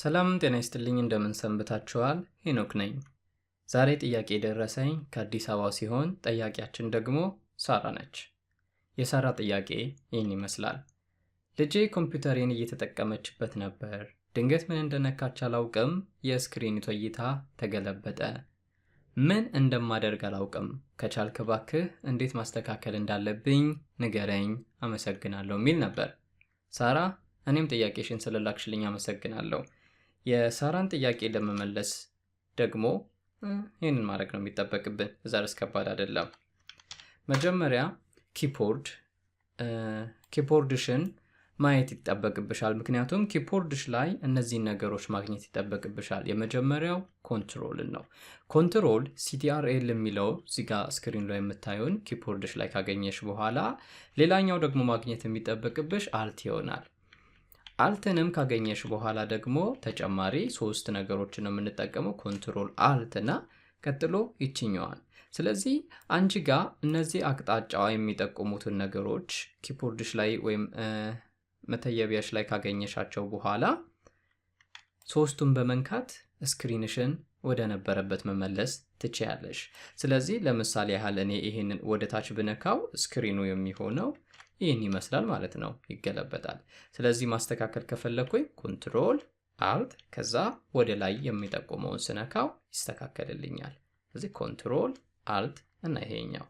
ሰላም ጤና ይስጥልኝ፣ እንደምን ሰንብታችኋል? ሄኖክ ነኝ። ዛሬ ጥያቄ ደረሰኝ ከአዲስ አበባ ሲሆን ጠያቂያችን ደግሞ ሳራ ነች። የሳራ ጥያቄ ይህን ይመስላል። ልጄ ኮምፒውተሬን እየተጠቀመችበት ነበር። ድንገት ምን እንደነካች አላውቅም፣ የስክሪኒቷ እይታ ተገለበጠ። ምን እንደማደርግ አላውቅም። ከቻልክ ባክህ እንዴት ማስተካከል እንዳለብኝ ንገረኝ፣ አመሰግናለሁ የሚል ነበር። ሳራ፣ እኔም ጥያቄሽን ስለላክሽልኝ አመሰግናለሁ። የሳራን ጥያቄ ለመመለስ ደግሞ ይህንን ማድረግ ነው የሚጠበቅብን። እዛ ርስ ከባድ አይደለም። መጀመሪያ ኪፖርድ ኪፖርድሽን ማየት ይጠበቅብሻል። ምክንያቱም ኪፖርድሽ ላይ እነዚህን ነገሮች ማግኘት ይጠበቅብሻል። የመጀመሪያው ኮንትሮልን ነው። ኮንትሮል ሲቲአርኤል የሚለው እዚጋ ስክሪን ላይ የምታየውን ኪፖርድሽ ላይ ካገኘሽ በኋላ ሌላኛው ደግሞ ማግኘት የሚጠበቅብሽ አልት ይሆናል። አልትንም ካገኘሽ በኋላ ደግሞ ተጨማሪ ሶስት ነገሮችን የምንጠቀመው ኮንትሮል አልት እና ቀጥሎ ይችኛዋል። ስለዚህ አንቺ ጋ እነዚህ አቅጣጫ የሚጠቁሙትን ነገሮች ኪፖርድሽ ላይ ወይም መተየቢያሽ ላይ ካገኘሻቸው በኋላ ሶስቱን በመንካት ስክሪንሽን ወደ ነበረበት መመለስ ትችያለሽ። ስለዚህ ለምሳሌ ያህል እኔ ይህንን ወደ ታች ብነካው ስክሪኑ የሚሆነው ይህን ይመስላል ማለት ነው። ይገለበጣል። ስለዚህ ማስተካከል ከፈለኩኝ ኮንትሮል አልት ከዛ ወደ ላይ የሚጠቁመውን ስነካው ይስተካከልልኛል። እዚህ ኮንትሮል አልት እና ይሄኛው